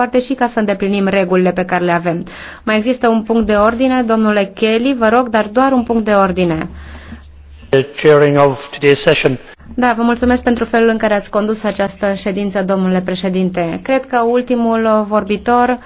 parte și ca să îndeplinim regulile pe care le avem. Mai există un punct de ordine, domnule Kelly, vă rog, dar doar un punct de ordine. Da, vă mulțumesc pentru felul în care ați condus această ședință, domnule președinte. Cred că ultimul vorbitor